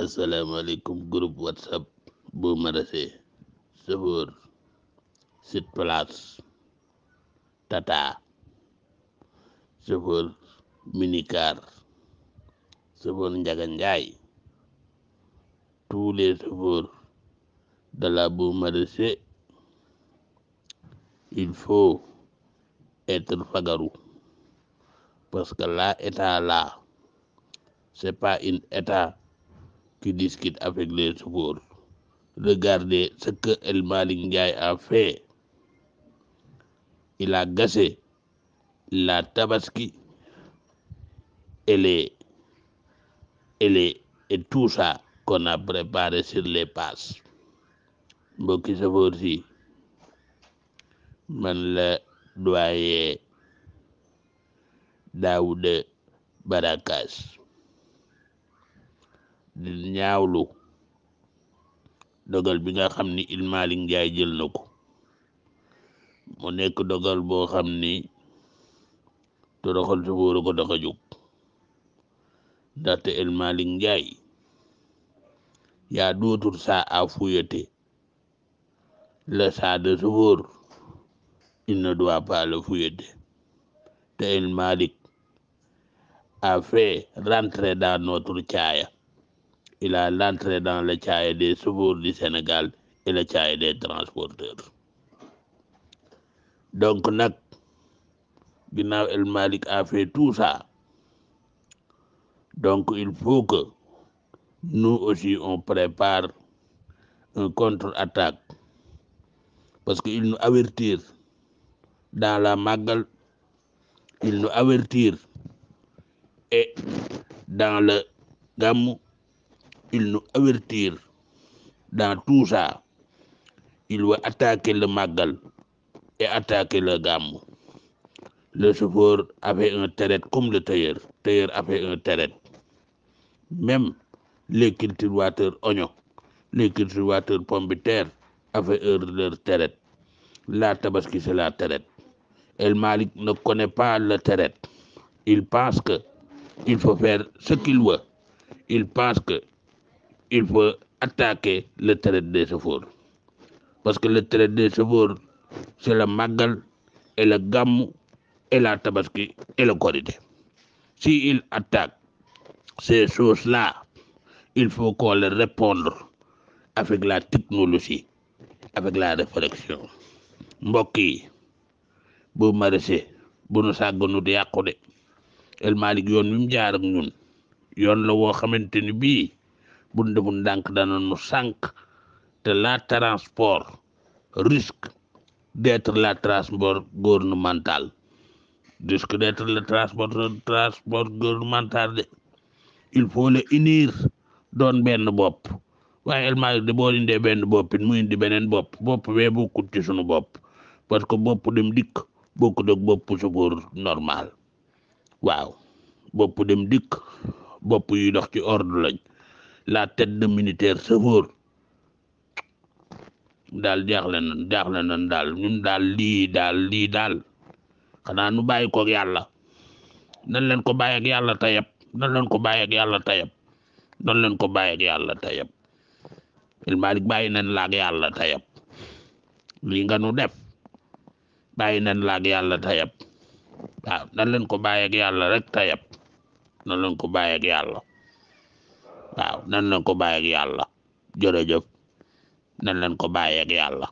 Assalamualaikum grup whatsapp Bou Marassé Sofër Sit Place Tata Sofër Minikar, Sofër Njaga Njaay tous les sofërs de la Bou il faut être fagaru parce que là état là c'est pas état qui discute avec les secours. Regardez ce que El Malingay a fait. Il a gassé la tabaski et, les, et, et tout ça qu'on a préparé sur les passes. Beaucoup safoor si man la doyen Daoud Barakas di ñaawlu dogal bi nga xam ni il Malick Ndiaye jël na mu nekk dogal boo xam ni toroxal sofóoru ko dafa jóg ndaxte el Malick Ndiaye yaa dootul saa a la saa de sofóor il ne doit pas le fuyote te el Malick a fait rentrer dans notre il a l'entrée dans le cahier des secours du Sénégal et le cahier des transporteurs donc Nak, El Malik a fait tout ça donc il faut que nous aussi on prépare un contre-attaque parce qu'il nous avertit. dans la Magal il nous avertit. et dans le Gamou il nous avertir dans tout ça. Il veut attaquer le Magal et attaquer le Gamou. Le chauffeur avait un terret comme le tailleur. Le tailleur avait un terret. Même les cultivateurs oignons, les cultivateurs pommes de terre avaient leur terret. La tabaski, c'est la terret. El Malik ne connaît pas le terret. Il pense que il faut faire ce qu'il veut. Il pense que il faut attaquer le traite des chauffeurs parce que le traite des chauffeurs c'est le Magal et le Gamou et la Tabaski et le si S'ils attaque ces choses-là, il faut qu'on les réponde avec la technologie, avec la réflexion. mbokk yi bu maraîcher bu nu sàgganu di yàqu El Malick yoon wi jaar ak ñun yoon la woo xamante bu demun ndànk dana nu sànq te la transport risque d'être la transport gouvernemental risque d'être la transport transport gouvernemental de il faut le unir doon benn bopp waaye El Malick de boo indee benn bopp it mu indi beneen bopp bopp bee bokkut ci sunu bopp parce que bopp dem dikk bokkut ak bopp sofóor normal waaw bopp dem dikk bopp yuy dox ci ordre lañ la tête de militaire Senghor daal jaaxle nan jaaxle nan daal ñun daal lii daal lii daal xanaa nu bàyyi ko ak yàlla nan leen ko bàyyi ak yàlla tayab nan leen ko bàyyi ak yàlla tayab nan leen ko bàyyi ak yàlla tayab il malik bàyyi nañ la ak yàlla tayab lii nga nu def bàyyi nañ la ak yàlla tayab waaw nan leen ko bàyyi ak yàlla rek tayab nan leen ko bàyyi ak yàlla waaw nan lañ ko bàyyi ak yàlla jërëjëf nan lañ ko bàyyi ak yàlla